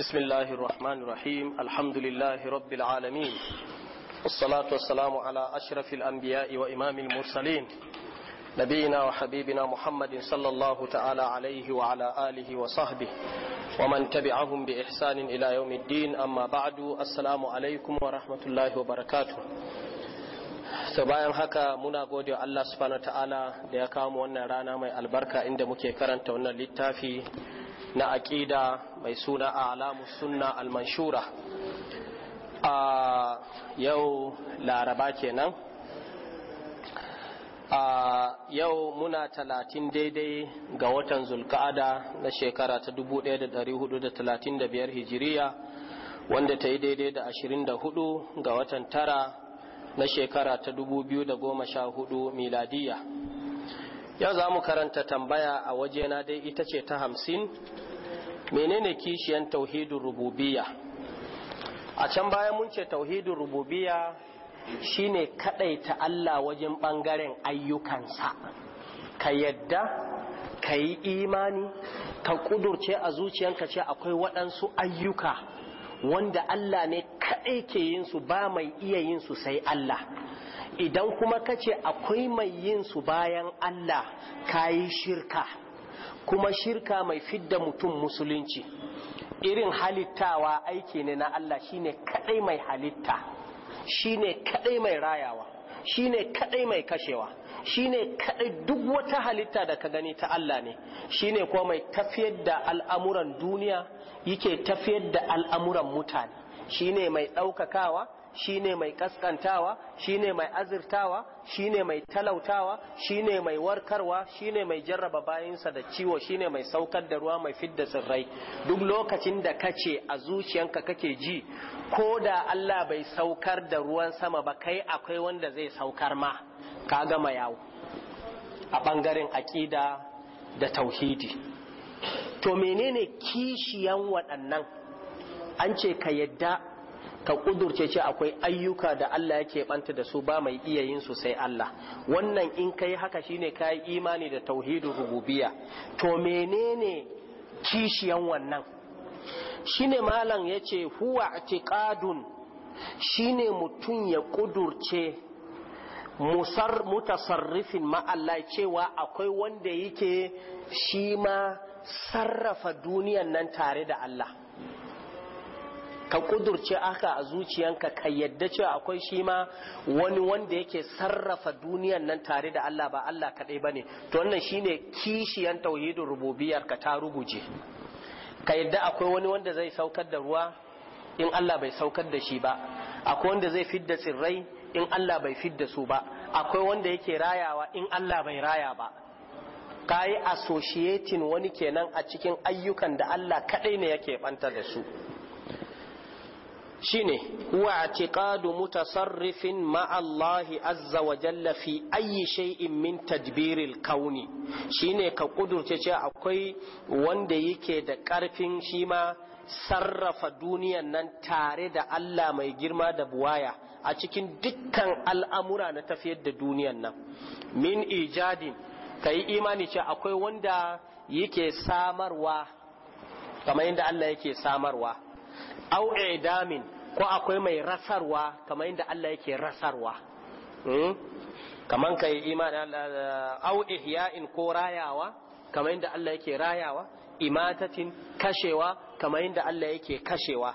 بسم الله الرحمن الرحيم الحمد لله رب العالمين والصلاة والسلام على أشرف الأنبياء وإمام المرسلين نبينا وحبيبنا محمد صلى الله تعالى عليه وعلى آله وصحبه ومن تبعهم بإحسان إلى يوم الدين أما بعد السلام عليكم ورحمة الله وبركاته to bayan haka muna gode Allah subhanahu wa ta'ala da ya kawo wannan rana mai albarka inda muke karanta wannan littafi na aƙida mai suna a alamu sunna almanshura a yau laraba kenan a yau muna talatin daidai ga watan zulka'ada na shekara ta 1435 hijiriya wanda ta yi daidai da 24 ga watan tara na shekara ta 2014 miladiya yau za mu karanta tambaya a wajena dai ita ce ta hamsin menene kishiyan tauhidin rububiya a can baya mun ce tauhidin rububiya shine ta Allah wajen bangaren ayyukansa ka yadda ka yi imani ka kudurce a zuciyanka ce akwai waɗansu ayyuka wanda Allah ne kaɗai ke yin su ba mai iya yin su sai Allah idan kuma kace akwai mai yin su bayan Allah ka yi shirka kuma shirka mai fidda mutum musulunci irin halittawa aiki ne na Allah shine kadai mai halitta shine kadai mai rayawa shine kadai mai kashewa shine kaɗai duk wata halitta da ka gani ta Allah ne shine kuma mai tafiyar da al'amuran duniya yake tafiyar da al'amuran mutane shine mai ɗaukakawa shine mai kaskantawa shine mai azirtawa shine mai talautawa shine mai warkarwa shine mai jarraba bayansa da ciwo shine mai saukar da ruwa mai fidda tsirrai duk lokacin da kace a zuciyanka kake ji ko da Allah bai saukar da ruwan sama ba kai akwai wanda zai saukar ma ka gama yawo a ɓangaren aƙida da tauhidi to menene kishiyan waɗannan an ce ka yadda ka ƙudurce ce akwai ayyuka da Allah yake banta da su ba mai iya yin su sai Allah wannan in kai haka shine kai imani da tauhidin rububiyya to menene kishiyan wannan shine malam yace huwa i'tiqadun shine mutum ya ƙudurce. musar mutasarrifin ma'alla cewa akwai wanda yake shi ma sarrafa duniyan nan tare da Allah ka kudurce aka a zuciyanka ka yadda cewa akwai shi ma wani wanda yake sarrafa duniyan nan tare da Allah ba Allah kaɗai ba ne to wannan shi ne kishiyan tauhidin rububiyar ka ta ruguje ka yadda akwai wani wanda zai saukar da ruwa in Allah bai saukar da shi ba akwai wanda zai fidda tsirrai in Allah bai da su ba akwai wanda yake rayawa in Allah bai raya ba ka yi associating wani kenan a cikin ayyukan da Allah kaɗai ne yake banta da su shine wa atiqadu mutasarrifin ma Allah azza wa jalla fi ayyi shay'in min tadbiril kauni shine ka kudurce cewa akwai wanda yake da ƙarfin shi ma sarrafa duniyan nan tare da Allah mai girma da buwaya a cikin dukkan al'amura na tafiyar da duniyan nan min ijadin ka yi imani ce akwai wanda yake samarwa kamar yadda Allah yake samarwa au idamin ko akwai mai rasarwa kamar yadda Allah yake rasarwa hmm? kamar ka yi imani au ihya'in ko rayawa kamar yadda Allah yake rayawa imatatin kashewa kamar yadda Allah yake kashewa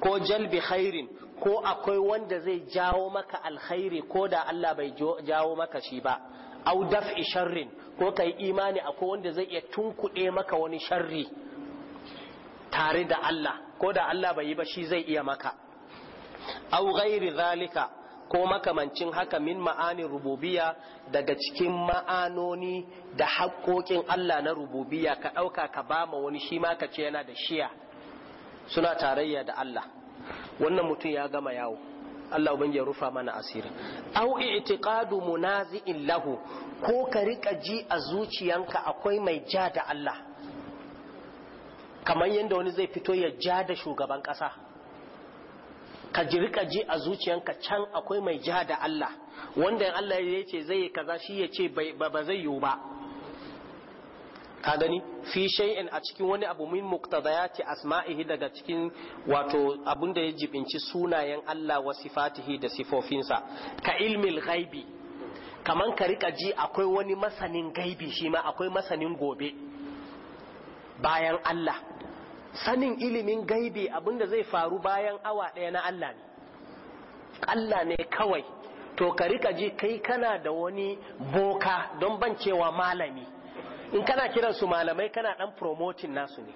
ko jalbi khairin ko akwai wanda zai jawo maka alkhairi ko da Allah bai jawo maka shi ba au daf'i sharrin ko kai imani akwai wanda zai iya tunkuɗe maka wani sharri tare da Allah ko da Allah bai yi ba shi zai iya maka au ghairi zalika ko makamancin haka min ma'anin rububiya daga cikin ma'anoni da haƙoƙin Allah na rububiya ka ɗauka ka ba ma wani shi ma ka ce yana da shiya suna tarayya da Allah wannan mutum ya gama yawo Allah ban ya rufa mana asiri au i'tiqadu munazi'in lahu ko ka rika ji a zuciyanka akwai mai ja da Allah kamar yadda wani zai fito ya ja da shugaban ƙasa ka ji rika ji a zuciyanka can akwai mai jiha da Allah wanda Allah ya ce zai yi kaza shi ya ce ba zai yiwu ba ka gani fi shay'in a cikin wani abu min muqtadayati asma'ihi daga cikin wato abun da ya jibinci sunayen Allah wa sifatihi da sifofinsa ka ilmil ghaibi kamar ka rika ji akwai wani masanin gaibi shi ma akwai masanin gobe bayan Allah sanin ilimin gaibi abinda zai faru bayan awa ɗaya na Allah ne Allah ne kawai to ka rika ji kai kana da wani boka don bancewa malami in kana kiran su malamai kana dan promoting nasu ne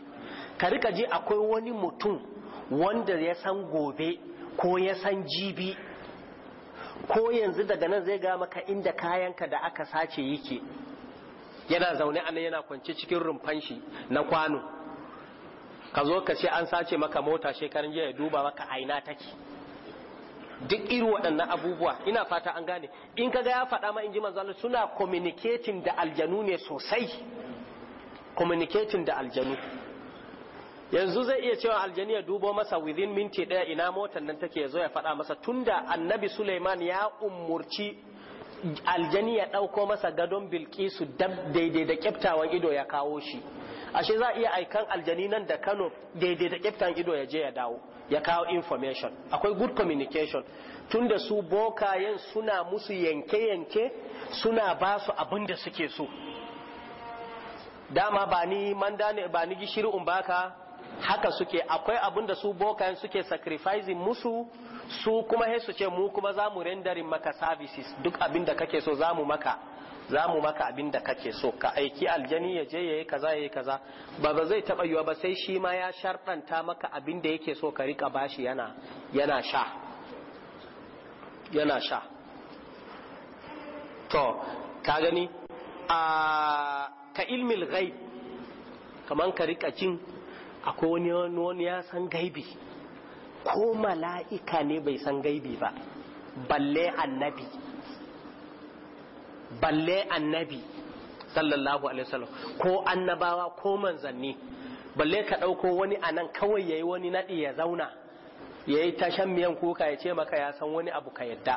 ka rika ji akwai wani mutum wanda ya san gobe ko ya san jibi ko yanzu daga nan zai ga maka inda kayanka da aka sace yake yana zaune nan yana kwance cikin rumfan shi na kwano ka zo ka ce an sace maka mota shekaran jiya ya duba maka aina take duk iri waɗannan abubuwa ina fata an gane in ka ga ya faɗa ma in ji manzo suna communicating da aljanu ne sosai communicating da aljanu yanzu zai iya cewa aljani ya dubo masa within minti ɗaya ina motar nan take zo ya faɗa masa tunda annabi Suleiman ya umurci aljani ya ɗauko masa gadon bilkisu daidai da kyaftawan ido ya kawo shi ashe za iya aikan aljani nan da kano daidai da kyaftawan ido ya je ya dawo ya kawo information akwai good communication tunda su bokayen suna musu yanke-yanke suna ba su abin da suke so dama ba ni gishiri ne ba ni gishiri baka haka suke akwai abin da su bokayen suke sacrificing musu su kuma he su ce mu kuma za mu rendering maka services duk abin da kake so za mu maka za mu maka abin da kake so ka aiki aljani ya je ya yi kaza ya yi kaza ba ba zai taɓa yiwa ba sai shi ma ya sharɗanta maka abin da yake so ka riƙa bashi yana yana sha yana sha to ka gani a ah, ka ilmil ghaib kaman ka riƙa jin akwai wani wani ya san gaibi ko mala'ika ne bai san gaibi ba balle annabi balle annabi sallallahu alaihi wasallam ko annabawa ko manzanni balle ka ɗauko wani anan kawai yayi wani naɗi ya zauna ya yi ta miyan kuka ya ce maka ya san wani abu ka yadda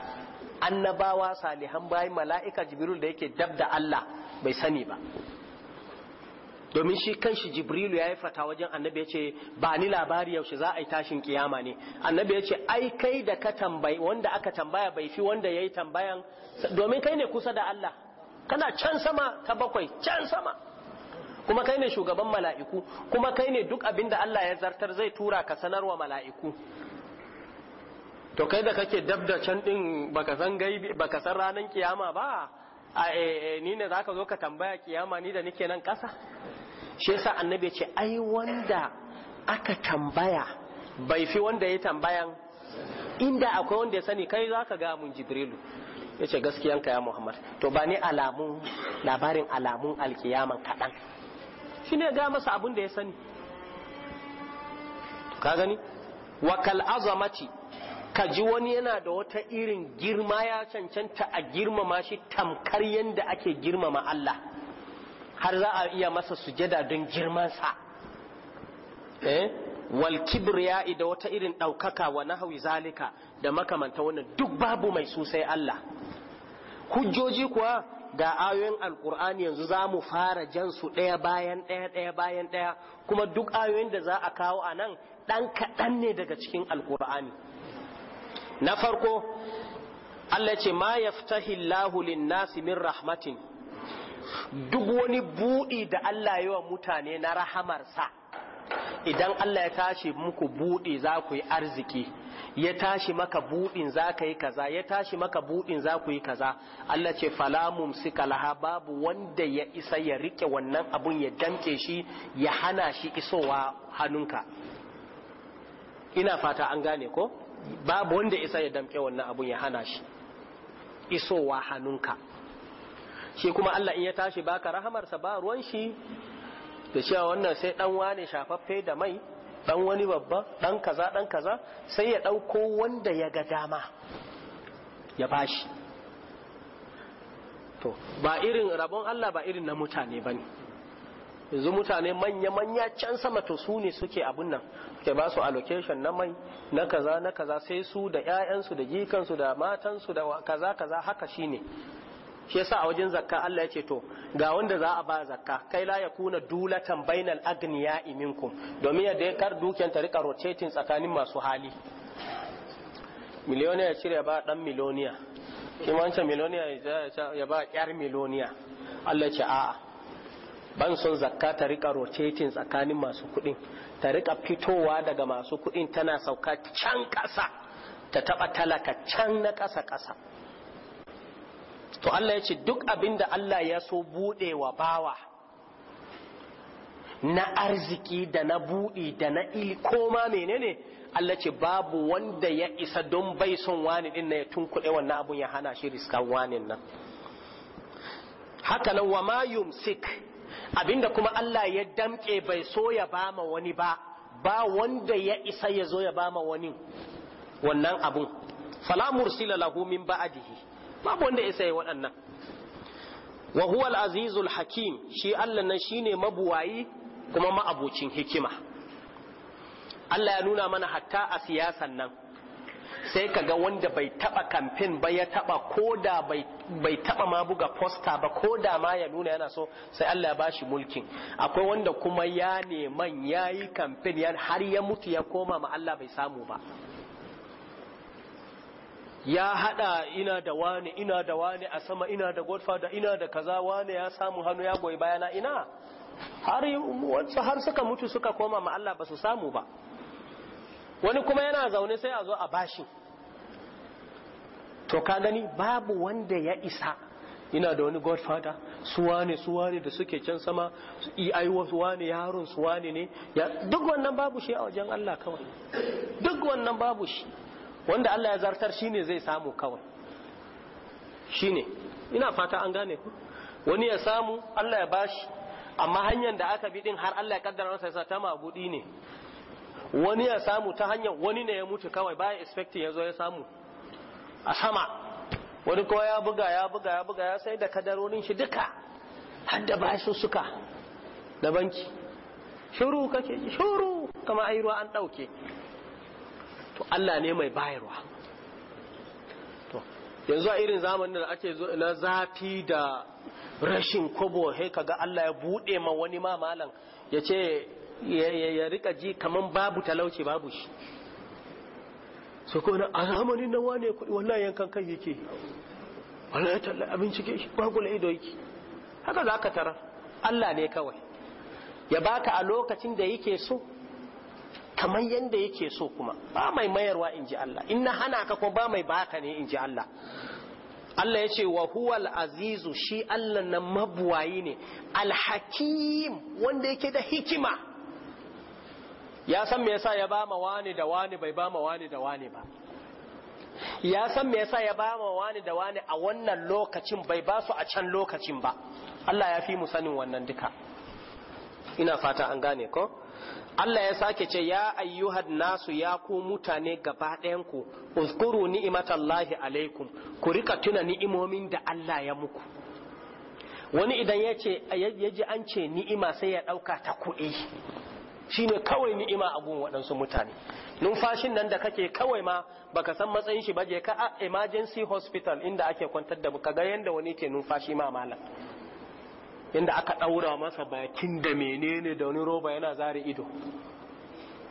annabawa salihan bayan mala'ika jibril da yake dab da Allah bai sani ba domin shi kanshi jibrilu ya yi fata wajen annabi ya ce ba ni labari yaushe za a yi tashin kiyama ne annabi ya ce ai kai da ka tambayi wanda aka tambaya bai fi wanda ya yi tambayan domin kai ne kusa da Allah kana can sama ta bakwai can sama kuma kai ne shugaban mala'iku kuma kai ne duk abin da Allah ya zartar zai tura ka sanarwa mala'iku to kai da kake dab da can din baka san gaibi baka san ranan kiyama ba a eh, eh, ni ne zaka zo ka tambaya kiyama ni da nike nan kasa shi yasa annabi ce ai wanda aka tambaya bai fi wanda ya tambayan inda akwai wanda ya sani kai zaka ga mun jibrilu yace gaskiyan ka ya muhammad to ba ni alamun labarin alamun alkiyaman kadan shi ne ga masa abun da ya sani ka gani wakal azamati ka ji wani yana da wata irin girma ya cancanta a girmama shi tamkar yadda ake girmama Allah har za a iya masa sujada don girmansa eh wal kibriya da wata irin ɗaukaka wa nahawi zalika da makamanta wannan duk babu mai su Allah hujjoji kuwa ga ayoyin alkur'ani yanzu za mu fara jan su ɗaya bayan ɗaya ɗaya bayan ɗaya kuma duk ayoyin da za a kawo a nan ɗan kaɗan ne daga cikin alkur'ani na farko Allah ce ma yaftahi Allahu lin-nasi min rahmatin duk wani buɗi da Allah yi wa mutane na rahamarsa idan Allah ya tashi muku buɗi za ku yi arziki ya tashi maka buɗin za ka yi kaza ya tashi maka buɗin za ku yi kaza Allah ce falamun suka laha babu wanda ya isa ya rike wannan abun ya damke shi ya hana shi isowa hannunka ina fata an gane ko babu wanda isa ya damke wannan abun ya hana shi isowa hannunka shi kuma Allah in ya tashi baka rahamarsa ba ruwan shi da cewa wannan sai dan wane shafaffe da mai dan wani babba dan kaza dan kaza sai ya dauko wanda ya ga dama ya bashi to ba irin rabon Allah ba irin na mutane bane yanzu mutane manya-manya can sama to su ne suke abun nan ke ba su allocation na mai na kaza na kaza sai su da 'ya'yansu da jikansu da matansu da kaza kaza haka shine shi yasa a wajen zakka Allah ya ce to ga wanda za a ba zakka kai la yakuna dulatan bainal agniya minkum domin yadda kar dukiyan ta rika rotating tsakanin masu hali miliyoniya ya cire ba dan miliyoniya shi wancan miliyoniya ya ba yar miliyoniya Allah ce a'a ban son zakka ta rika rotating tsakanin masu kuɗin ta rika fitowa daga masu kuɗin tana sauka can ƙasa ta taɓa talaka can na ƙasa ƙasa to Allah ya ce duk abin da Allah ya so buɗewa bawa na arziki da na buɗi da na ili koma menene Allah ce babu wanda ya isa don bai son wani din na ya tunkuɗe wannan abun ya hana shi riskan wani nan haka nan wa ma yumsik abinda kuma Allah ya damƙe bai so ya bama wani ba ba wanda ya isa ya zo ya bama wani wannan abun fala mursila lahu min ba'dihi babu wanda ya sai waɗannan wa huwa al-azizul hakim shi Allah nan shine mabuwayi kuma ma'abocin hikima Allah ya nuna mana hatta a siyasan nan sai kaga wanda bai taba kamfen ba ya taba koda bai taba ma buga poster ba koda ma ya nuna yana so sai Allah ya bashi mulkin akwai wanda kuma ya neman yayi kamfen har ya mutu ya koma ma Allah bai samu ba ya hada ina da wani ina da wani a sama ina da godfather ina da kaza wani ya samu hannu ya goyi bayana ina har wasu har suka mutu suka koma ma Allah ba su samu ba wani kuma yana zaune sai a zo a bashi to ka gani babu wanda ya isa ina da wani godfather su wane su wane da suke can sama ai wasu wane yaron su wane ne duk wannan babu shi a wajen Allah kawai duk wannan babu shi wanda Allah ya zartar shine zai samu kawai shine ina fata an gane wani ya samu Allah ya bashi amma hanyar da aka bi din har Allah ya kaddara masa ta mabuɗi ne wani ya samu ta hanyar wani ne ya mutu kawai baya expecting ya zo ya samu a sama wani kowa ya buga ya buga ya buga ya sai da kadarorin shi duka har da bashi suka da banki shuru kake shuru kama ayi ruwa an dauke to Allah ne mai bayarwa to yanzu a irin zamanin da ake na zafi da rashin kobo he kaga Allah ya bude ma wani ma malam ya ce ya rika ji kaman babu talauci babu shi so ko na zamanin nan wane kuɗi wallahi yankan kai yake wallahi talla abinci ke shi babu ido yake haka zaka tara Allah ne kawai ya baka a lokacin da yake so kamar yadda yake so kuma ba mai mayarwa in ji Allah in na hana ka kuma ba mai baka ne in ji Allah Allah ya ce wa huwal azizu shi Allah na mabuwayi ne alhakim wanda yake da hikima ya san me yasa ya ba ma wani da wani bai ba ma wani da wani ba ya san me yasa ya ba ma wani da wani a wannan lokacin bai ba su a can lokacin ba Allah ya fi mu sanin wannan duka ina fata an gane ko Allah ya sake ce ya ayyuhan nasu ya ku mutane gaba ɗayanku uzkuru ni'imatallahi alaikum ku rika tuna ni'imomin da Allah ya muku wani idan ya ce ya ji an ce ni'ima sai ya ɗauka ta kuɗi shine kawai ni'ima a gun waɗansu mutane numfashin nan da kake kawai ma baka san matsayin shi ba je ka a emergency hospital inda ake kwantar da ka ga yadda wani ke numfashi ma malam yadda aka ɗaura masa bakin da menene da wani roba yana zare ido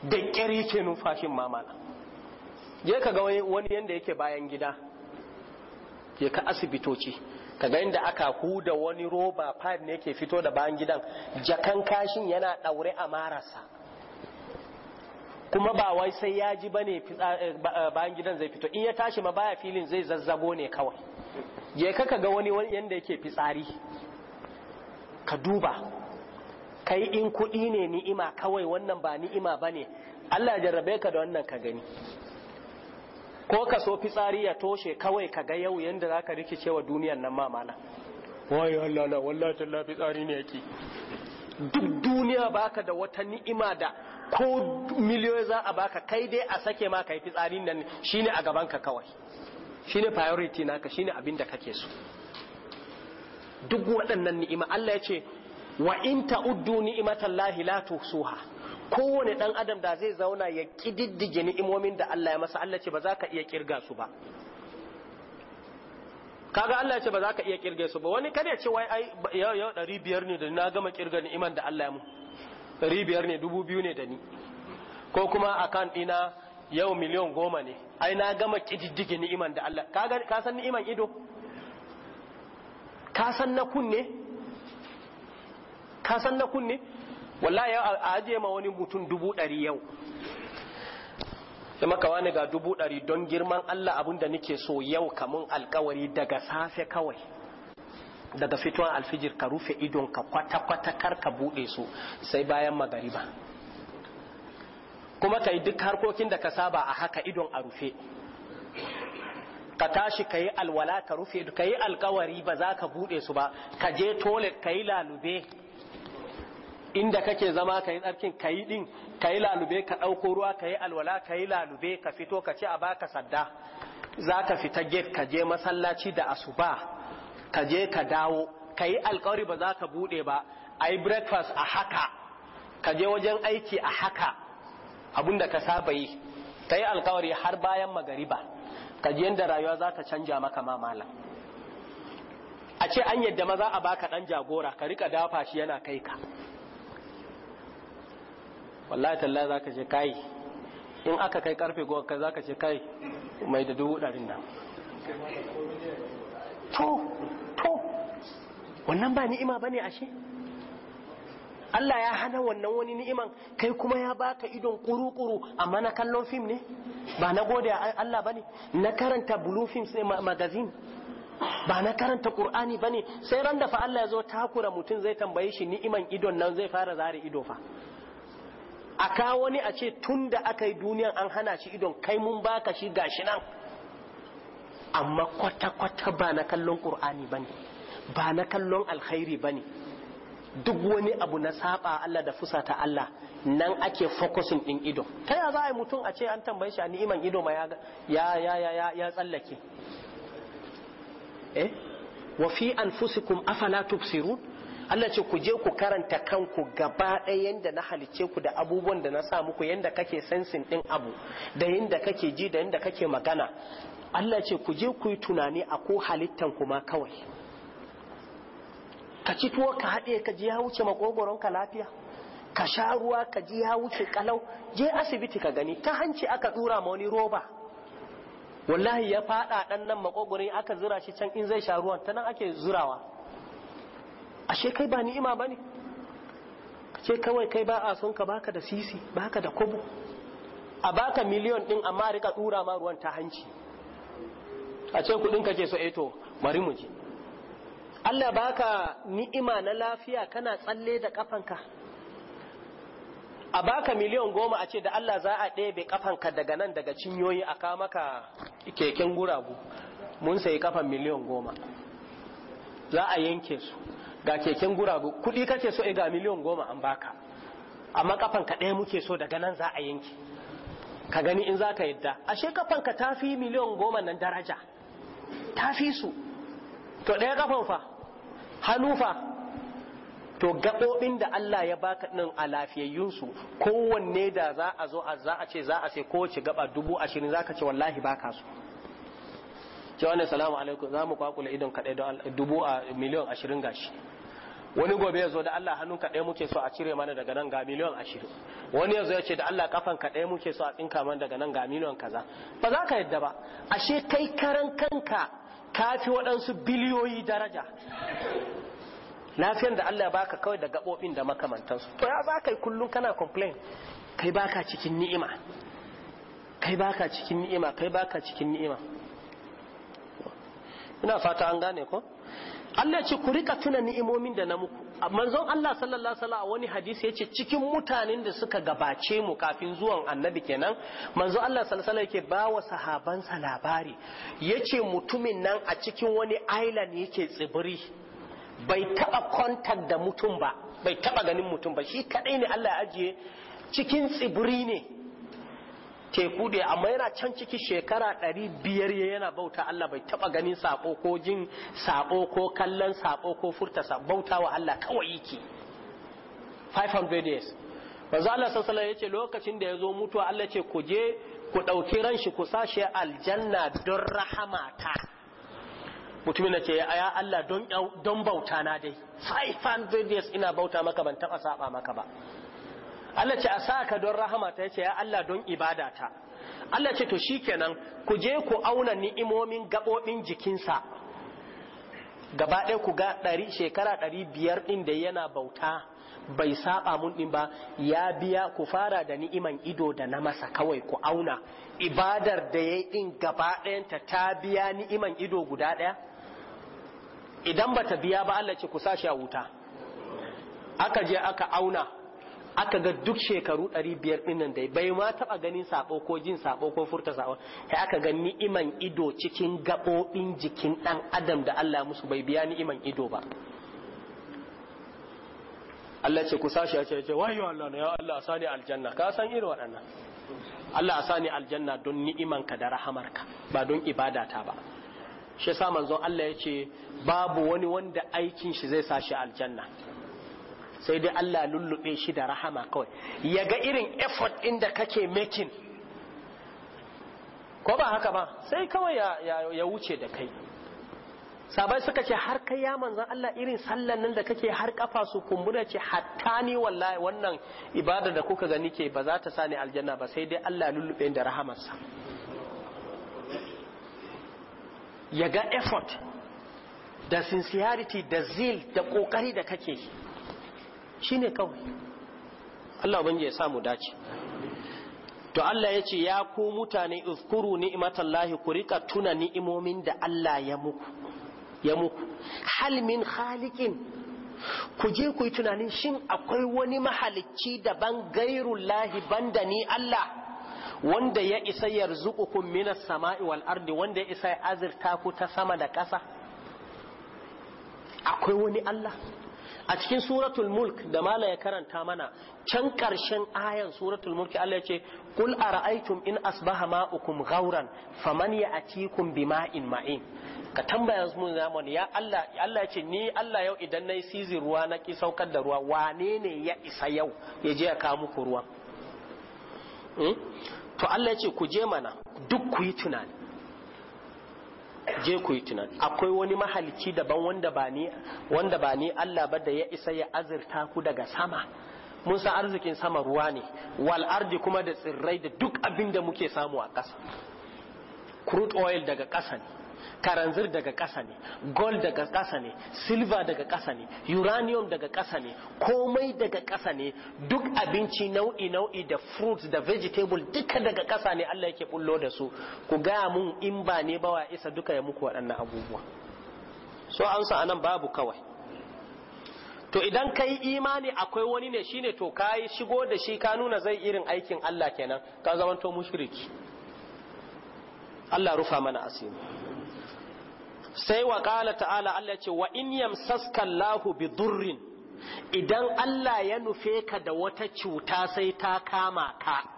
da ƙyar yake numfashin mamala je ka ga wani yadda yake bayan gida je ka asibitoci ka ga yadda aka huda wani roba pad ne ke fito da bayan gidan jakan kashin yana ɗaure a marasa kuma ba wai sai ya ji bane bayan gidan zai fito in ya tashi ma baya filin zai zazzabo ne kawai je ka ga wani yanda yake fitsari ka duba kai in kuɗi ne ni'ima kawai wannan ba ni'ima ba ne Allah jarrabe ka da wannan ka gani ko ka so fitsari ya toshe kawai ka ga yau yadda za ka rikice wa duniyan nan mamala wai Allah wallahi talla fitsari ne yake duk duniya baka da wata ni'ima da ko miliyoyi za a baka kai dai a sake ma kai fitsari nan shine a gaban ka kawai shine priority naka shine abin da kake so duk waɗannan ni'ima Allah ya ce wa in ta'uddu lahi la tuhsuha kowane dan adam da zai zauna ya kididdige ni'imomin da Allah ya masa Allah ce ba za ka iya kirga su ba kaga Allah ya ce ba za ka iya kirge su ba wani kada ya ce wai ai yau yau 500 biyar ne da na gama kirga ni'iman da Allah ya mu 500 biyar ne dubu biyu ne da ni ko kuma akan dina yau miliyan goma ne ai na gama kididdige ni'iman da Allah ka san ni'iman ido ka san na kunne ka a ajiye ma wani mutum dubu ɗari yau sai maka wani ga dubu ɗari don girman Allah abun da nake so yau kamun alkawari daga safe kawai daga fitowar alfijir ka rufe idon ka kwata-kwata kar ka buɗe su sai bayan magariba kuma ka yi duk harkokin da ka saba a haka idon a rufe ka tashi ka yi alwala ka rufe ka yi alkawari ba za ka buɗe su ba ka je toilet ka yi lalube inda kake zama ka yi tsarkin ka yi ɗin ka yi lalube ka ɗauko ruwa ka yi alwala ka yi lalube ka fito ka ce a baka sadda za ka fita gate ka je masallaci da asuba ka je ka dawo ka yi alkawari ba za ka buɗe ba a yi breakfast a haka ka je wajen aiki a haka abinda ka saba yi ka yi alkawari har bayan magariba kaji yadda rayuwa za ta canja maka ma malam a ce an yadda ma za a baka ɗan jagora ka rika dafa shi yana kai ka wallahi tallahi za ka ce kai in aka kai karfe goma ka za ka ce kai mai da dubu ɗarin nan to to wannan ba ni'ima bane ashe Allah ya hana wannan wani ni'iman kai kuma ya baka idon kuru-kuru amma na kallon fim ne ba na gode Allah ne na karanta blue films ne magazine ba na karanta ba ne sai ran da fa Allah ya zo takura mutum zai tambaye shi ni'iman idon nan zai fara zare ido fa a kawo wani a ce tun da aka yi duniyan an hana shi idon kai mun baka shi gashi nan amma kwata-kwata ba na kallon ba ne ba na kallon alkhairi bane duk wani abu na saba Allah da fusata Allah nan ake fokusin din ido ta ya za a yi mutum a ce an tambaye shi a ni'iman ido ma ya ya ya ya tsallake eh wa fi anfusikum afala tubsirun Allah ce ku je ku karanta kanku gaba ɗaya yanda na halicce ku da abubuwan da na sa muku yanda kake sensin ɗin abu da yanda kake ji da yanda kake magana Allah ce ku je ku yi tunani a ko halittan ku ma kawai ka ci tuwo ka haɗe ka ji ya wuce ka lafiya ka sha ruwa ka ji ya wuce kalau je asibiti ka gani ta hanci aka dura ma wani roba wallahi ya fada dan nan makogorin aka zura shi can in zai sha ruwan ta nan ake zurawa ashe kai ba ni'ima ba ne ce kawai kai ba a son ka baka da sisi baka da kobo a baka miliyon din amma rika dura ma ruwan ta hanci a ce kudin ka ke so eto eh bari mu Allah ba ka ni'ima na lafiya kana tsalle da kafanka a baka miliyan goma a ce da Allah za a ɗebe kafanka daga nan daga cinyoyi a ka maka keken guragu mun sayi kafan miliyan goma za a yanke su ga keken guragu kuɗi kake so eh, ga miliyan goma an baka amma kafanka ɗaya muke so daga nan za a yanke ka gani in za ka yadda ashe kafanka ta fi miliyan goma nan daraja ta fi su to ɗaya ƙafan fa Hanufa to gaɓoɓin da Allah ya baka ɗin a lafiyayyunsu kowanne da za a zo a za a ce za a ce kowace gaba dubu ashirin za ka ce wallahi baka su ce wani salamu alaikum za mu kwakula idon kaɗai don dubu a miliyan ashirin gashi wani gobe ya zo da Allah hannun kaɗai muke so a cire mana daga nan ga miliyan ashirin wani ya zo ya ce da Allah kafan kaɗai muke so a tsinka mana daga nan ga miliyan kaza ba za ka yadda ba ashe kai karan kanka kafi waɗansu biliyoyi daraja Lafiyar da Allah ba ka kawai da gaɓoɓin da makamantansu to ya za yi kullum kana complain kai baka cikin ni'ima kai baka cikin ni'ima kai baka cikin ni'ima ina fata an gane ko Allah ya ce ku rika tuna ni'imomin da na muku manzo Allah sallallahu alaihi wasallam wani hadisi yace cikin mutanen da suka gabace mu kafin zuwan annabi kenan manzon Allah sallallahu alaihi yake ba wa sahabansa labari yace mutumin nan a cikin wani island yake tsibiri bai taba contact da mutum ba bai taba ganin mutum ba shi kadai ne Allah ya ajiye cikin tsibiri ne teku da amma yana can ciki shekara ɗari biyar yana bauta Allah bai taɓa ganin saƙo ko jin saƙo ko kallon sabo ko furta bauta wa Allah kawai yake 500 years manzo Allah sallallahu alaihi yace lokacin da yazo mutuwa Allah ce ku je ku dauki ran shi ku sashi aljanna don rahamata mutumin ce ya Allah don bauta na dai 500 years ina bauta maka ban taɓa saba maka ba Allah ce a sa ka don rahama ta ce ya Allah don ibada ta Allah ce to shikenan ku je ku auna ni'imomin gabobin jikinsa gaba ɗaya ku ga ɗari shekara ɗari biyar ɗin da yana bauta bai saɓa mun ɗin ba ya biya ku fara da ni'iman ido da na masa kawai ku auna ibadar da ya ɗin gaba ɗayanta ta biya ni'iman ido guda ɗaya idan ba ta biya ba Allah ce ku sa shi a wuta aka je aka auna aka ga duk shekaru 500 dinnan da bai ma taba ganin sabo ko jin sabo ko furta sabo sai aka ga ni'iman ido cikin gabobin jikin dan adam da Allah musu bai biya ni'iman ido ba Allah ce ku sashi ya ce ce wayo Allah na ya Allah sani aljanna ka san irin waɗannan Allah sani aljanna don ni'imanka da rahamarka ba don ibadata ba shi sa manzon Allah ya ce babu wani wanda aikin shi zai sashi aljanna sai dai Allah lullube shi da rahama kawai ya ga irin effort inda kake making ko ba haka ba sai kawai ya, ya, ya wuce da kai sabai suka ce har kai ya manzan Allah irin sallan nan da kake har kafa su kumbura ce hatta ni wallahi wannan ibada da kuka gani ke ba za ta sani aljanna ba sai dai Allah lullube da rahamarsa ya ga effort da sincerity da zeal da kokari da kake Shi ne kawai Allah ubangiji ya samu dace to Allah ya ce ya ku mutane uzkuru ni'matallahi ku rika tuna ni'imomin da Allah ya muku ya muku hal min khaliqin ku je ku yi tunanin shin akwai wani mahalicci daban gairullahi banda ni Allah wanda ya isa yarzuqukum minas sama'i wal ardi wanda ya isa ya azirta ku ta sama da ƙasa akwai wani Allah a cikin suratul mulk da mala ya karanta mana can ƙarshen ayan suratul mulk Allah ya ce kul ara'aytum in asbaha ma'ukum ghauran faman ya'tikum bima'in ma'in ka tambaya mu zamani ya Allah Allah ya ce ni Allah yau idan nayi sizi ruwa na ki saukar da ruwa wane ne ya isa yau ya je ya kawo muku ruwa hmm? to Allah ya ce ku je mana duk ku yi tunani je ku yi tunani akwai wani mahalicci daban wanda ba ni wanda ba ni Allah ba da ya isa ya azurta ku daga sama mun san arzikin sama ruwa ne wal ardi kuma da tsirrai da duk abin da muke samu a ƙasa crude oil daga ƙasa ne karanzir daga ƙasa ne gold daga ƙasa ne silver daga ƙasa ne uranium daga ƙasa ne komai daga kasa ne duk abinci nau'i nau'i da fruits da vegetable duka daga ƙasa ne Allah yake bullo da su ku gaya mun in ba ne ba wa isa duka ya muku waɗannan abubuwa so an sa anan babu kawai to idan ka imani akwai wani ne shine to ka shigo da shi ka nuna zai irin aikin Allah kenan ka zamanto mushriki Allah rufa mana asiri sai wa ƙala ta'ala Allah ce wa in yamsaska Allahu bi durrin idan Allah ya nufe ka da wata cuta sai ta kama ka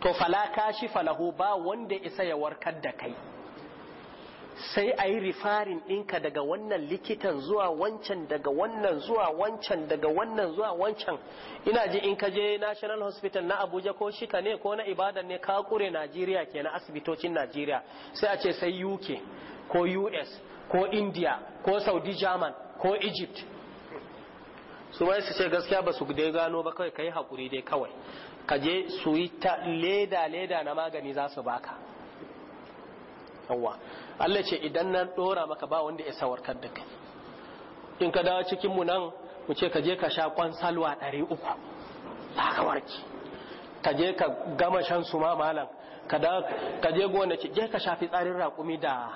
to fala kashi falahu ba wanda isa ya warkar da kai sai a yi rifarin ɗinka daga wannan likitan zuwa wancan daga wannan zuwa wancan daga wannan zuwa wancan ina ji in ka je national hospital na abuja ko shika ne ko na ibadan ne ka kure najeriya ke na asibitocin najeriya sai a ce sai uk ko us ko india ko saudi german ko egypt su wai su ce gaskiya ba su dai gano ba kawai ka yi haƙuri dai kawai ka je su yi ta leda leda na magani za su baka yawa Allah ce idan na dora maka ba wanda ya sawarkar da kai in ka dawo cikin mu nan mu ce ka je ka sha kwan salwa 300 za ka ka je ka gama shan su ma malam ka da ka je gona ce je ka shafi tsarin raƙumi da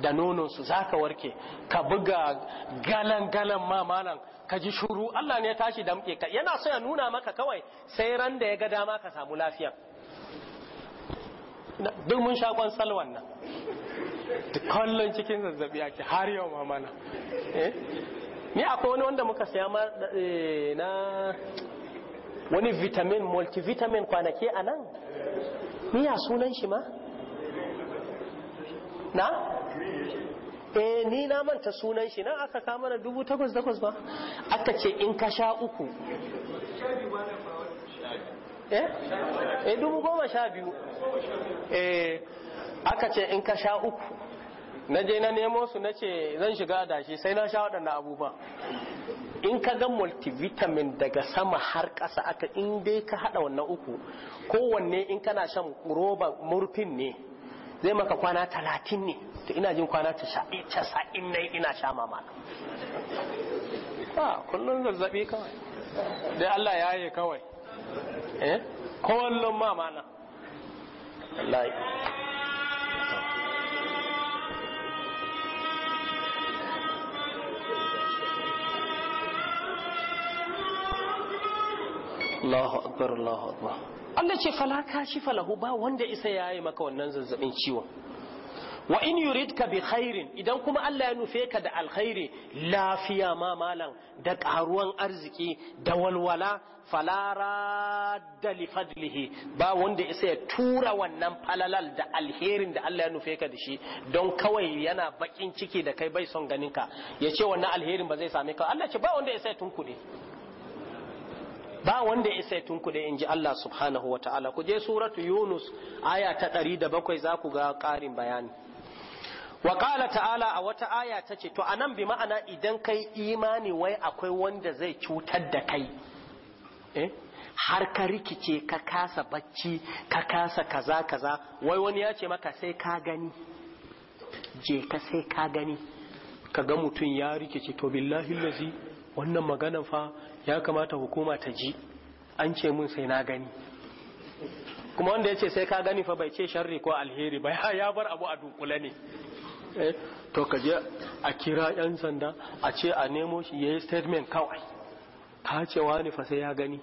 da nonon su zaka warke ka buga galan galan ma malam ka ji shuru Allah ne ya tashi damke ka yana so ya nuna maka kawai sai ran da ya ga dama ka samu lafiya duk mun sha kwan salwan nan kallon cikin zazzabi ake har yau ma mana eh? ni akwai wani wanda muka saya ma eh, na wani vitamin multivitamin kwanaki a nan ni ya sunan shi ma na eh ni na manta sunan shi nan aka kama na dubu takwas takwas ba aka ce in ka sha uku Eh? eh dubu goma sha biyu eh aka ce in ka sha uku na je na nemo su na ce zan shiga da shi sai na sha waɗanda abubuwa in ka ga multivitamin daga sama har ƙasa aka in dai ka haɗa wannan uku kowanne in kana shan roba murfin ne zai maka kwana talatin ne to ina jin kwana ta sa'in na ina sha mama ba ah, kullum zazzaɓi kawai dai Allah ya yi kawai Eh? kowallon ma mana lai Allah ce fala shi falahu ba wanda isa ya yi maka wannan zazzabin ciwon wa in yuridka bi khairin idan kuma Allah ya nufe ka da alkhairi lafiya ma malam da karuwan arziki da walwala falara da li fadlihi ba wanda isa ya tura wannan falalal da alherin da Allah ya nufe ka da shi don kawai yana bakin ciki da kai bai son ganin ka ya ce wannan alherin ba zai same ka Allah ce ba wanda isa ya tunkude ba wanda ya tunkude inji in Allah subhanahu wa ta'ala ku je suratu yunus aya ta ɗari da bakwai za ku ga ƙarin bayani wa qala ta'ala a wata aya ta ce to anan bi ma'ana idan kai imani wai akwai wanda zai cutar da kai eh har ka rikice ka kasa bacci ka kasa kaza kaza wai wani ya ce maka sai ka gani je ka sai ka gani ka ga mutum ya rikice to billahi lazi wannan maganan fa ya kamata hukuma ta ji an ce mun sai na gani kuma wanda ya ce sai ka gani fa bai ce sharri ko alheri ba ya bar abu a dukule ne Eh, to ka je a kira yan sanda a ce a nemo shi ya yi statement kawai ka ce wani fa ya gani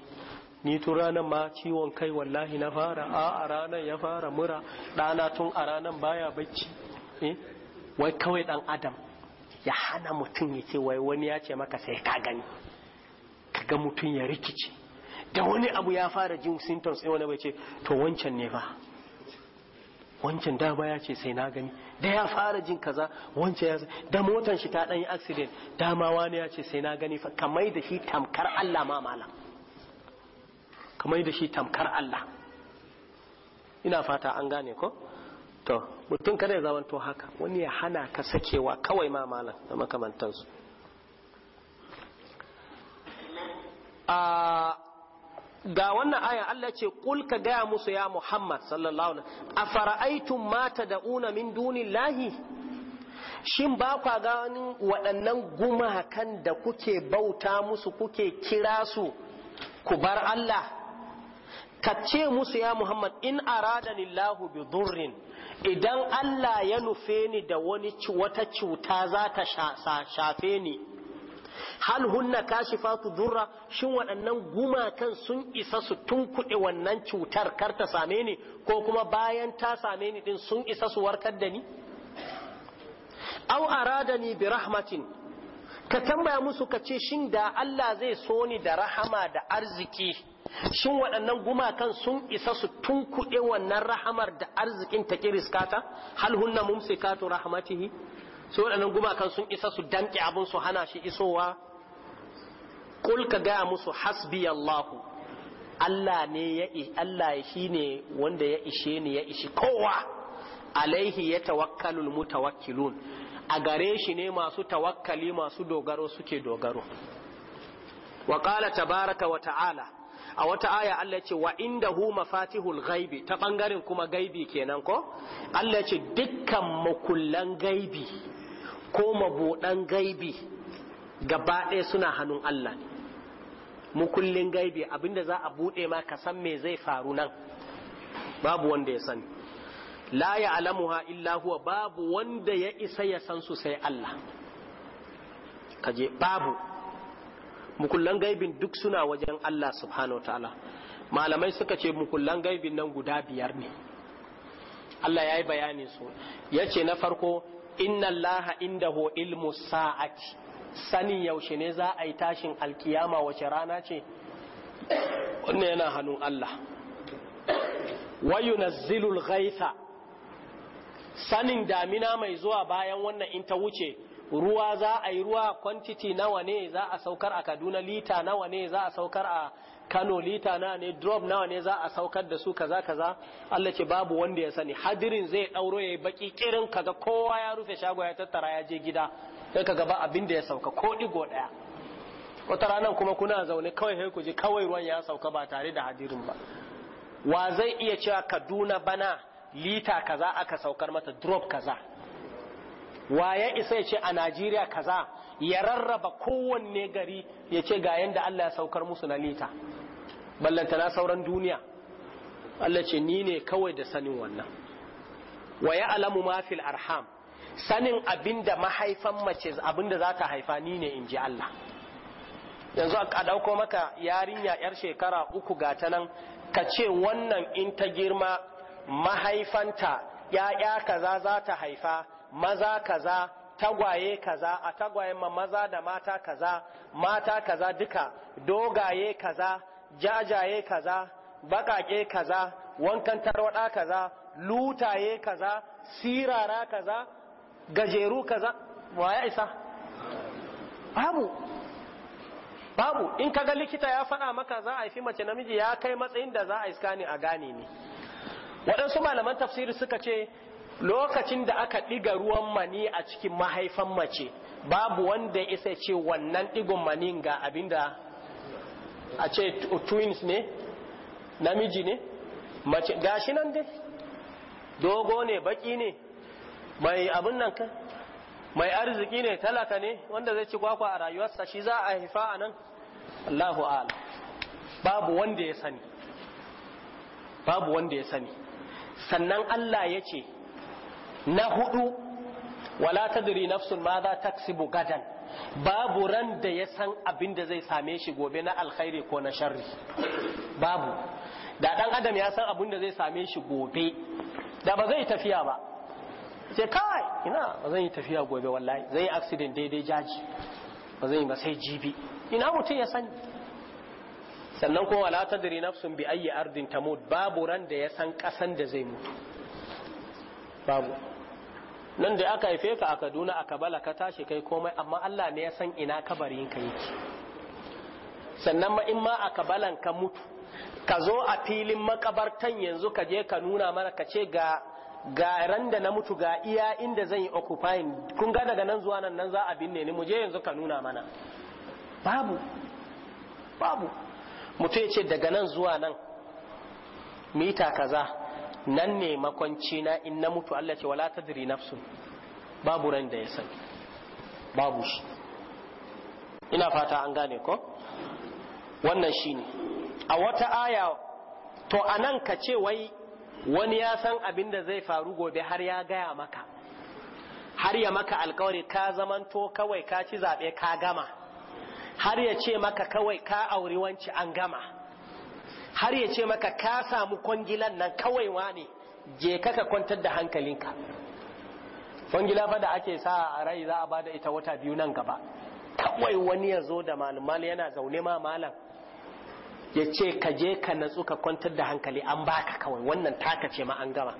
ni tun ranar ma ciwon kai wallahi na fara a a ranar ya fara mura ɗana tun a ranar baya bacci eh, wai kawai ɗan adam ya hana mutum ya ce wai wani ya ce maka sai ka gani ka ga mutum ya rikici da wani abu ya fara jin symptoms sai wani bai ce to wancan ne fa wancan da baya ce sai na gani da ya fara jin kaza wancan ya da motan shi ta dan yi accident dama wani ya ce sai na gani kamar da shi tamkar Allah ma malam kamar da shi tamkar Allah ina fata an gane ko to mutum kada ya zamanto haka wani ya hana ka sakewa kawai ma malam da makamantansu ah, ga wannan aya Allah ce kul ka gaya musu ya Muhammad sallallahu alaihi wasallam afara'aytum ma tad'una min dunillahi shin ba kwa ganin waɗannan gumakan da kuke bauta musu kuke kira su ku bar Allah ka ce musu ya Muhammad in arada Allahu bi durrin idan Allah ya nufe ni da wani wata cuta za ta shafe ni hal hunna kashifatu durra shin waɗannan gumakan sun isa su tunkuɗe wannan cutar kar ta same ni ko kuma bayan ta same ni din sun isa su warkar da ni aw aradani bi rahmatin ka tambaya musu ka ce shin da Allah zai so ni da rahama da arziki shin waɗannan gumakan sun isa su tunkuɗe wannan rahamar da arzikin ta kiriskata hal hunna mumsikatu rahmatihi su waɗannan gumakan sun isa su danƙe abin su hana shi isowa kul ka gaya musu hasbi Allahu Allah ne ya Allah shi ne wanda ya ishe ni ya ishi kowa alaihi ya tawakkalul tawakkilun a gare shi ne masu tawakkali masu dogaro suke dogaro wa qala tabaraka wa ta'ala a wata aya Allah ce wa indahu mafatihul ghaibi ta bangaren kuma gaibi kenan ko Allah ce dukkan makullan gaibi ko mabuɗan gaibi gaba ɗaya suna hannun Allah ne mukullin gaibi abinda za a buɗe ma ka san me zai faru nan babu wanda ya sani la ya alamuha illa huwa babu wanda ya isa ya san su sai Allah kaje babu mukullan gaibin duk suna wajen Allah subhanahu ta'ala malamai suka ce mukullan gaibin nan guda biyar ne Allah ya yi bayanin su ya na farko inna allaha indahu ilmu sa'ati sanin yaushe ne za a yi tashin alkiyama wace rana ce wannan yana hannun Allah wayu ghaitha sanin damina mai zuwa bayan wannan in ta wuce ruwa za a yi ruwa kwantiti nawa ne za a saukar a Kaduna lita nawa ne za a saukar a kano lita na ne drop nawa ne za a saukar da su kaza kaza Allah ce babu wanda ya sani hadirin zai dauro yayi baki kirin kaga kowa ya rufe shago ya tattara ya je gida sai kaga ba abin da ya sauka ko digo daya wata ranar kuma kuna zaune kawai sai ku ji kawai ruwan ya sauka ba tare da hadirin ba wa zai iya cewa Kaduna bana lita kaza aka saukar mata drop kaza wa ya isa ya ce a Najeriya kaza ya rarraba kowanne gari ya ce ga yanda Allah ya saukar musu na lita ballantana sauran duniya Allah ce ni ne kawai da sanin wannan wa ya alamu Mafil arham sanin abinda mahaifan mace abinda za ta haifa ni ne in ji Allah yanzu a ɗauko maka yarinya yar shekara uku ga ta nan ka ce wannan in ta girma mahaifanta ya'ya kaza za ta haifa maza kaza tagwaye kaza a tagwayen ma maza da mata kaza mata kaza duka dogaye kaza jajaye kaza baƙaƙe kaza wankan tarwaɗa kaza lutaye kaza sirara kaza gajeru kaza wa isa babu babu in kaga likita ya faɗa maka za a fi mace namiji ya kai matsayin da za a iska ne a gane ne waɗansu malaman tafsiri suka ce lokacin da aka ɗiga ruwan mani a cikin mahaifan mace babu wanda ya isa ce wannan ɗigon manin ga abinda a ce twins ne namiji ne mace gashi nan dai dogo ne baki ne mai abin nan ka mai arziki ne talaka ne wanda zai ci kwakwa a rayuwarsa shi za a haifa a nan Allahu ala babu wanda ya sani babu wanda ya sani sannan Allah ya ce na hudu wala tadri nafsun ma za taksibu gadan babu ran da ya san abin da zai same shi gobe na alkhairi ko na sharri babu da dan adam ya san abin da zai same shi gobe da ba zai tafiya ba sai kai ina ba zan yi tafiya gobe wallahi zai yi accident daidai jaji ba zan yi ba sai jibi ina mutum ya sani sannan kuma wala tadri nafsun bi ayyi ardin tamut babu ran da ya san kasan da zai mutu babu nan da aka haife ka a kaduna a kabala ka tashi kai komai amma allah ne ya san ina kabarin ka yake sannan ma in ma a kabalan ka mutu ka zo a filin makabartan yanzu ka je ka nuna mana ka ce ga ga ran da na mutu ga iya inda zan yi occupying kun ga daga nan zuwa nan nan za a binne ni mu je yanzu ka nuna mana babu babu Mutu ya ce daga nan zuwa nan mita kaza nan ne makwanci na in na mutu Allah ce wala tadri nafsun babu ran da ya sani babu shi ina fata an gane ko wannan shine a wata aya to anan ka ce wai wani ya san abin da zai faru gobe har ya gaya maka har ya maka alkawari ka zamanto kawai ka ci zaɓe ka gama har ya ce maka kawai ka auri wanci an gama har ya ce maka ka samu kwangilan nan kawai wane je kaka kwantar da hankalinka kwangila fa da ake sa a rai za a bada ita wata biyu nan gaba kawai wani ya zo da malumal yana zaune ma malam ya ce ka je ka natsu ka kwantar da hankali an baka kawai wannan taka ce ma an gama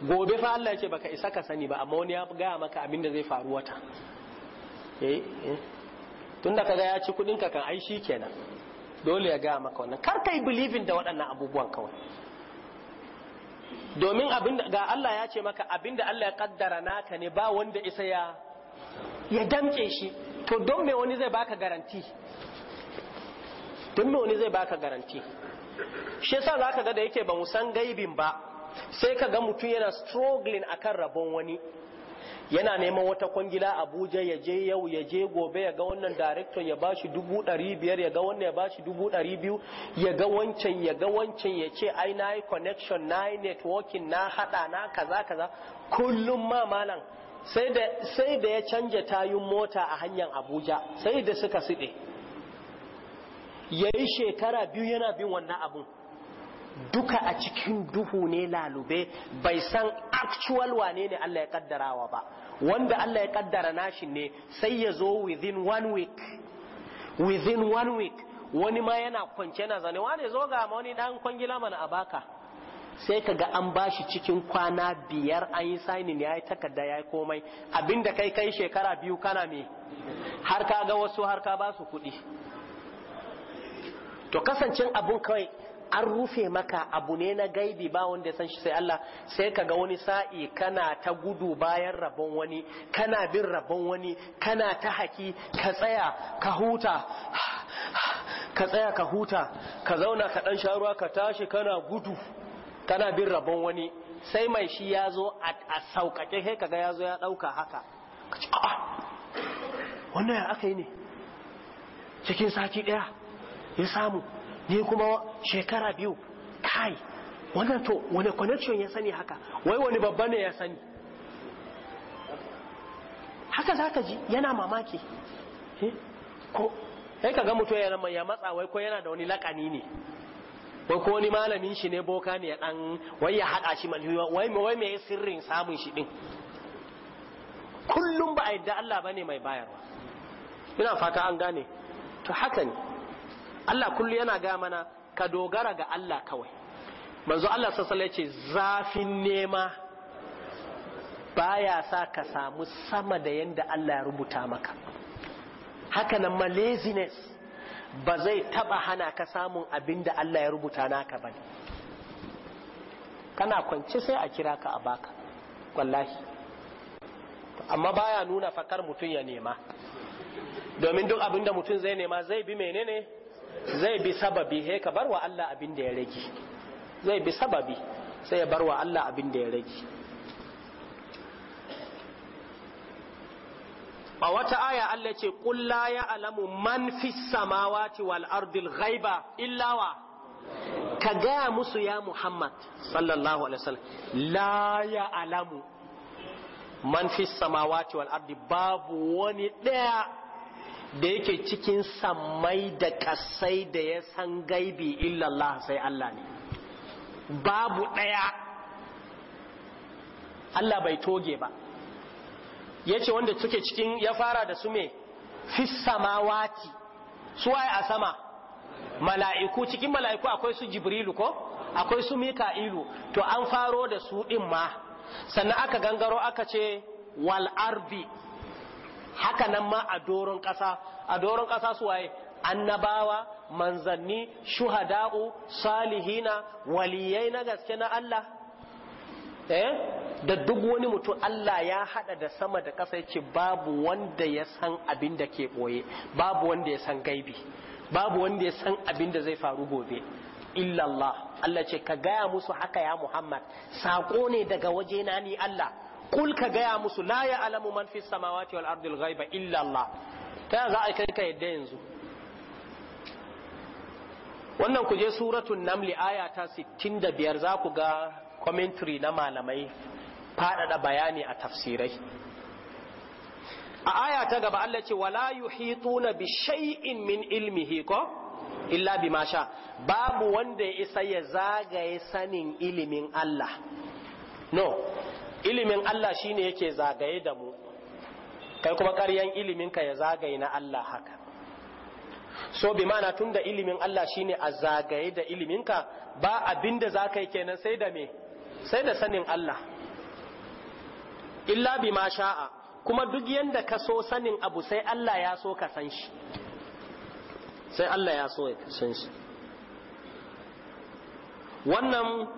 gobe fa Allah ya ce baka isa ka sani ba amma wani ya gaya maka abin da zai faru wata eh, eh. tun da kaga ya ci kudin ka kan ai shi kenan dole ya gaya maka wannan kar kai believing da waɗannan abubuwan kawai domin abinda ga Allah ya ce maka abinda Allah ya kaddara naka ne ba wanda isa ya ya damke shi to don me wani zai baka garanti don me wani zai baka garanti shi yasa zaka ga da yake ba musan san gaibin ba sai ka ga mutum yana struggling akan rabon wani yana neman wata kwangila abuja ya je yau ya je gobe ya ga wannan director ya bashi dubu ɗari biyar ya ga wannan ya bashi dubu ɗari biyu ya ga wancan ya ga wancan ya ce ai na yi connection na yi networking na haɗa na kaza kaza kullum ma malam sai da ya canja tayun mota a hanyar abuja sai da suka siɗe ya yi shekara biyu yana bin wannan abun duka a cikin duhu ne lalube bai san actual wane ne Allah ya kaddarawa ba wanda Allah ya kaddara nashi ne sai ya zo within one week within one week wani ma yana kwance na zane wane zo ga wani dan kwangila mana a baka sai ka ga an bashi cikin kwana biyar an yi sainin ya yi takarda ya yi komai abinda kai kai shekara biyu kana me har ka ga wasu harka ka ba su kuɗi to kasancin abun kawai an rufe maka abu ne na gaibi ba wanda ya san shi sai Allah sai ka ga wani sa'i kana ta gudu bayan rabon wani kana bin rabon wani kana ta haki ka tsaya ka huta ka tsaya ka huta ka zauna ka dan sha ruwa ka tashi kana gudu kana bin rabon wani sai mai shi ya zo a sauƙaƙe sai kaga ya zo ya ɗauka haka wannan ya aka yi ne cikin sati ɗaya ya samu ni kuma shekara biyu kai wannan to wani connection ya sani haka wai wani babba ne ya sani haka za ka ji yana mamaki eh, ko sai ka ga mutum ya matsa wai ko yana da wani lakani ne wai ko wani malamin shi ne boka ne dan wai ya haɗa shi malhiwa wai wai me sirrin samun shi din kullum ba a yadda Allah bane mai bayarwa ina fata an gane to haka ne Allah kullu yana ga mana ka dogara ga Allah kawai manzo Allah sassala ce zafin nema baya sa ka samu sama da yadda Allah ya rubuta maka Hakanan nan ba zai taba hana ka samun abinda Allah ya rubuta naka ba kana kwance sai a kira ka a baka wallahi amma baya nuna fakar mutum ya nema domin duk abinda mutum zai nema zai bi menene zai bi sababi he ka barwa Allah abin da ya rage zai bi sababi sai ya barwa Allah abin da ya rage a wata aya Allah ce kulla ya alamu man fi samawati wal ardil ghaiba illawa ka gaya musu ya Muhammad sallallahu alaihi wasallam la ya alamu man fi samawati wal ardi babu wani daya da yake cikin sammai da kasai da ya san gaibi illallah sai Allah ne babu ɗaya Allah bai toge ba ya ce wanda suke cikin ya fara da su me fi samawati suwaye a sama mala'iku cikin mala'iku akwai su jibrilu ko akwai su mika'ilu to an faro da su ɗin ma sannan aka gangaro aka ce wal ardi haka nan ma a doron ƙasa a doron ƙasa su waye annabawa manzanni shuhada'u salihina waliyai na gaske na Allah eh da duk wani mutum Allah ya hada da sama da ƙasa yace babu wanda ya san abin da ke boye babu wanda ya san gaibi babu wanda ya san abin da zai faru gobe illallah Allah ce ka gaya musu haka ya Muhammad sako ne daga waje na ni Allah kul ka gaya musu la ya alamu man fi samawati wal ardil ghaiba illa Allah ta yanzu a kai ka yadda yanzu wannan ku je suratul namli aya ta 65 za ku ga commentary na malamai faɗaɗa bayani a tafsirai a aya ta gaba Allah ce wala yuhituna bi shay'in min ilmihi ko illa bima sha babu wanda ya isa ya zagaye sanin ilimin Allah no ilimin Allah shine yake zagaye da mu kai kuma ƙaryan iliminka ya zagaye na Allah haka so bi mana tun da ilimin Allah shine a zagaye da iliminka ba abin da za ka yi kenan sai da me sai da sanin Allah illa bi ma sha'a kuma duk yanda ka so sanin abu sai Allah ya so ka san shi sai Allah ya so ka san shi wannan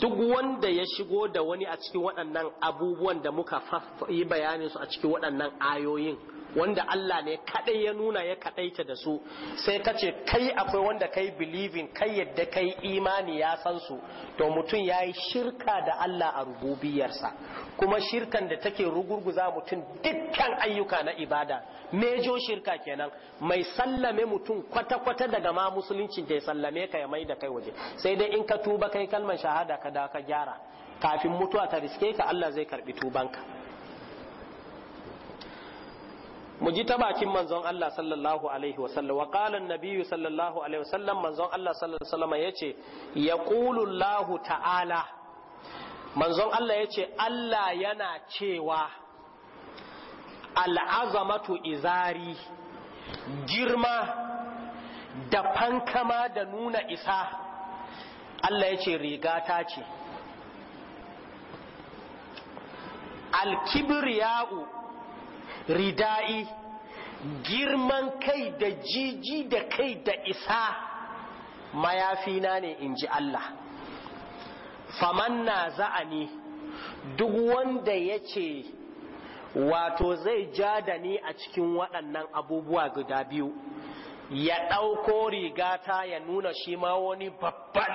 duk wanda ya shigo da wani a cikin waɗannan abubuwan da muka yi bayanin su a cikin waɗannan ayoyin wanda Allah ne kadai ya nuna ya kadaita da su sai ka ce kai akwai wanda kai believing kai yadda kai imani ya san su to mutum ya yi shirka da Allah a rububiyarsa kuma shirkan da take rugurguza mutum dukkan ayyuka na ibada mejo shirka kenan mai sallame mutum kwata-kwata daga ma musulunci da ya sallame ka ya mai da kai waje sai dai in ka tuba kai kalmar shahada ka da ka gyara kafin mutuwa ta riske ka Allah zai karbi tubanka mu ji ta bakin manzon Allah sallallahu alaihi wa sallam wa qala an-nabiyyu sallallahu alaihi wa sallam manzon Allah sallallahu alaihi wa sallam yace yaqulu Allah ta'ala manzon Allah yace Allah yana cewa al'azamatu izari girma da fankama da nuna isa Allah yace riga ta ce al-kibriya'u rida'i girman kai da jiji da kai da isa mayafina ne in ji Allah famanna za'ani duk wanda ya ce wato zai ja da ni a cikin waɗannan abubuwa guda biyu ya ɗauko rigata ya nuna shi ma wani babba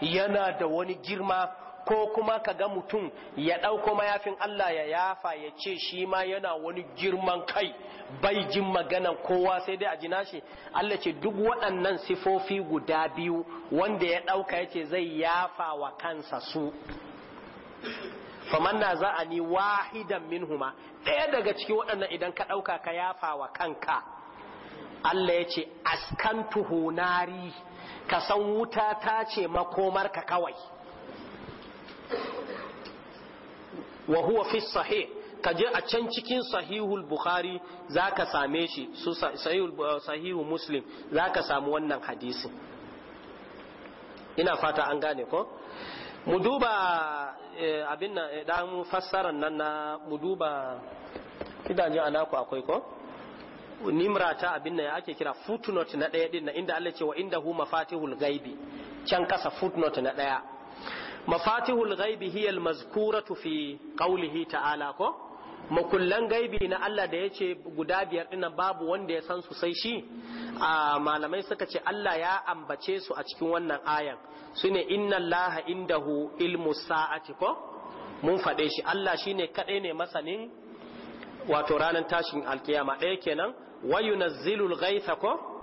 yana da wani girma ko kuma ka ga mutum ya ɗauko mayafin Allah ya yafa ya ce shi ma yana wani girman kai bai jin maganan kowa sai dai a jina shi Allah ce duk waɗannan sifofi guda biyu wanda ya ɗauka ya ce zai yafa wa kansa su faman na za a ni wahidan minhuma ɗaya daga cikin waɗannan idan ka ɗauka ka yafa wa kanka Allah ya ce askantu hunari ka san wuta ta ce makomarka kawai wa huwa fi sahih ka je a can cikin sahihul bukhari zaka same shi su sahihul eh, sahihu muslim zaka samu wannan hadisi ina fata an gane ko mu duba eh, abin nan eh, dan fassarar nan na mu duba kidaje anaku akwai ko nimra ta abin nan ake kira footnote na daya din inda Allah ce wa hu mafatihul gaibi can kasa footnote na daya mafatihul gaibi hiya almazkuratu fi qawlihi ta'ala ko makullan gaibi na Allah da yace guda biyar dinnan babu wanda ya san su sai shi a malamai suka ce Allah ya ambace su a cikin wannan ayan sune innallaha laha indahu ilmu sa'ati ko mun faɗe shi Allah shine kaɗai ne masanin wato ranar tashin alkiyama ɗaya kenan yunazzilul ghaitha ko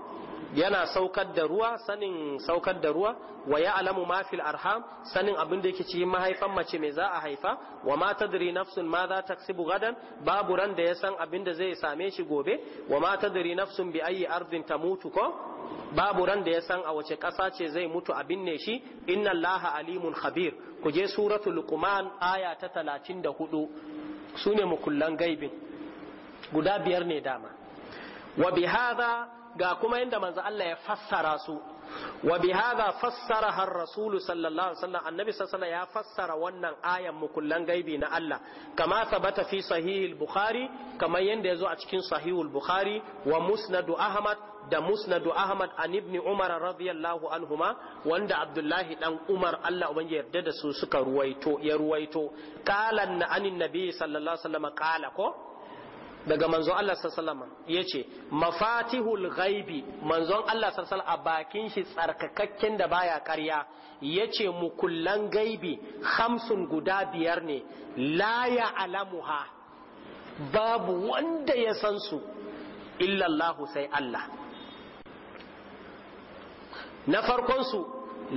yana saukar da ruwa sanin saukar da ruwa wa ya alamu ma fil arham sanin abin da yake cikin mahaifan mace mai za a haifa wa ma tadri nafsun ma za taksibu gadan babu ran da ya san abin da zai same shi gobe wa ma tadri nafsun bi ayi ardin tamutu ko babu ran da ya san a wace ƙasa ce zai mutu abin binne shi inna allaha alimun khabir ku je suratul luqman aya ta talatin da 34 sune mukullan gaibin guda biyar ne dama wa bi hadha ga kuma yadda manzo Allah ya fassara su wa bi hadha fassara har rasul sallallahu alaihi wasallam annabi sallallahu ya fassara wannan ayan mukullan gaibi na Allah kama sabata fi sahihil bukhari kamar yadda yazo a cikin sahihul bukhari wa musnadu ahmad da musnadu ahmad an ibn umar radiyallahu anhuma wanda abdullahi dan umar Allah ubangi yarda da su suka ruwaito ya ruwaito qala anin nabi sallallahu alaihi wasallam qala ko daga manzon Allah sallallahu alaihi yace mafatihul ghaibi manzon Allah sallallahu a bakin shi tsarkakakken da baya karya yace mukullan gaibi hamsin guda biyar ne la ya alamuha babu wanda ya san su illallahu sai Allah na farkon su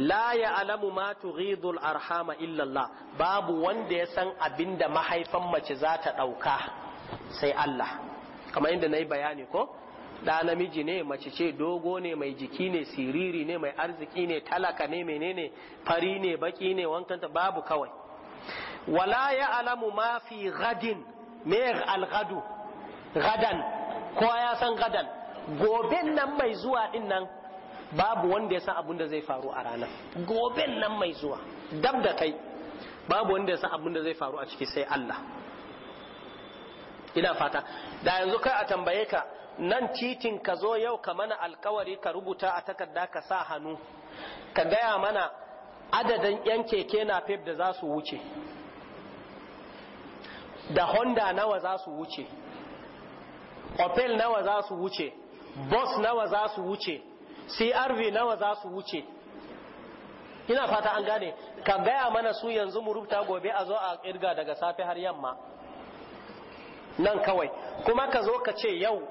la ya alamu ma tughidul arhama illallah babu wanda ya san abinda mahaifan mace za ta ɗauka sai Allah kamar yadda na yi bayani ko ɗa namiji ne mace ce dogo ne mai jiki ne siriri ne mai arziki ne talaka ne menene fari ne baki ne wankanta babu kawai wala ya alamu ma fi gadin mer alghadu gadan ko ya san gadan goben nan mai zuwa din nan babu wanda ya san abin da zai faru a ranar goben nan mai zuwa dab da kai babu wanda ya san abin da zai faru a ciki sai Allah ina fata da yanzu kai a tambaye ka nan titin ka zo yau ka mana alkawari ka rubuta a takarda ka sa hannu ka gaya mana adadin yan keke na fef da za su wuce da honda nawa za su wuce opel nawa za su wuce bus nawa za su wuce crv nawa za su wuce ina fata an gane ka gaya mana su yanzu mu rubuta gobe a zo a kirga daga safe har yamma nan kawai kuma ka zo ka ce yau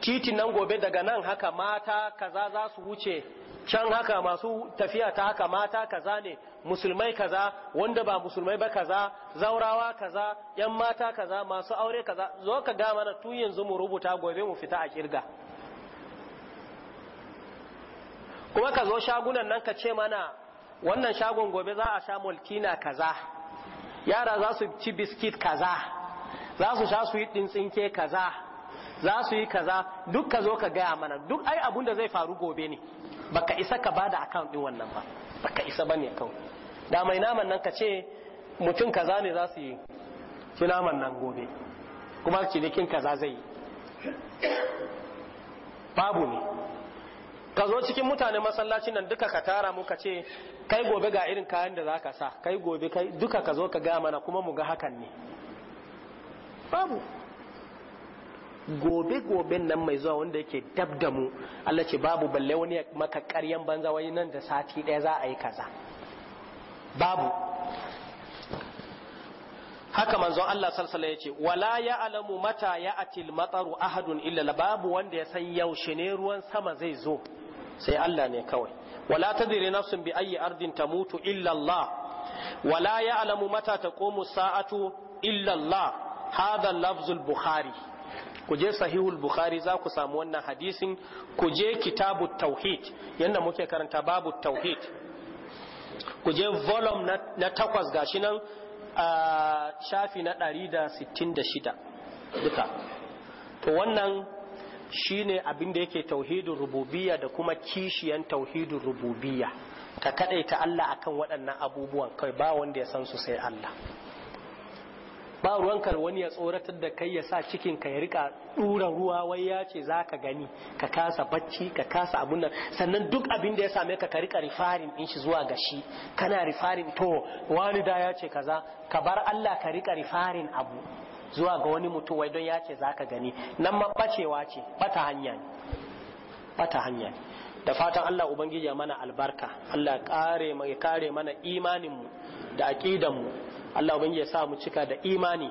titin nan gobe daga nan haka mata kaza za su wuce can haka masu tafiya ta haka mata kaza ne musulmai kaza wanda ba musulmai ba kaza zaurawa kaza yan mata kaza masu aure kaza zo ka ga mana tun yanzu mu rubuta gobe mu fita a kirga kuma ka zo shagunan nan ka ce mana wannan shagon gobe za a sha mulkina kaza yara za su ci biskit kaza za su sha su yi ɗin tsinke kaza za su yi kaza duk ka zo ka gaya mana duk ai abun da zai faru gobe ne baka isa ka bada account din wannan ba baka isa bane account da mai naman nan ka ce mutum kaza ne za su yi fi naman nan gobe kuma cinikin kaza zai yi babu ne ka zo cikin mutane masallaci nan duka ka tara mu ka ce kai gobe ga irin kayan da za ka sa kai gobe kai duka ka zo ka gaya mana kuma mu ga hakan ne babu gobe-goben nan mai zuwa wanda yake dab da mu Allah ce babu balle wani ya maka banza wani nan da sati ɗaya za a yi kaza babu haka manzon Allah salsala ya ce wala ya alamu mata ya atil mataru ahadun illa babu wanda ya san yaushe ne ruwan sama zai zo sai Allah ne kawai wala tadri nafsun bi ayyi ardin tamutu illa Allah wala ya alamu mata taqumu sa'atu illa Allah هذا lafzul bukhari ku je sahihul bukhari za ku samu wannan hadisin kuje je kitabu tauhid yadda muke karanta babu tauhid kuje je volume na, takwas gashi nan a shafi na 166 duka to wannan shine abin da yake tauhidin Rububiya da kuma kishiyan tauhidin rububiyya ka kadaita Allah akan waɗannan abubuwan kai ba wanda ya san su sai Allah ba ruwankar wani ya tsoratar da kai ya sa cikin ka ya rika dura ruwa wai ya ce za ka gani ka kasa bacci ka kasa abun nan sannan duk abin da ya same ka ka rika rifarin in shi zuwa ga shi kana rifarin to wani da ya ce kaza ka bar Allah ka rika rifarin abu zuwa ga wani mutum wai don ya ce za ka gani nan ma bacewa ce bata hanya ne bata hanya ne da fatan Allah ubangiji ya mana albarka Allah ya kare mana imanin mu da aqidan mu Allah ubangi ya sa mu cika da imani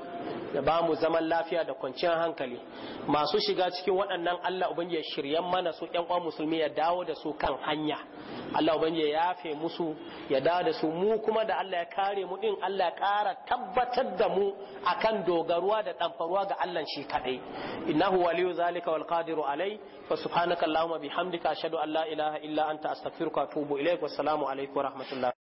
da ba mu zaman lafiya da kwanciyar hankali masu shiga cikin waɗannan Allah ubangi ya shiryan mana su ƴan uwan musulmi ya dawo da su kan hanya Allah ubangi ya yafe musu ya dawo da su mu kuma da Allah ya kare mu din Allah ya ƙara tabbatar da mu akan dogaruwa da ɗamfaruwa ga Allah shi kaɗai innahu waliyu zalika wal qadiru alai fa subhanaka allahumma bihamdika ashhadu an la ilaha illa anta astaghfiruka wa atubu ilaik wassalamu alaikum wa rahmatullah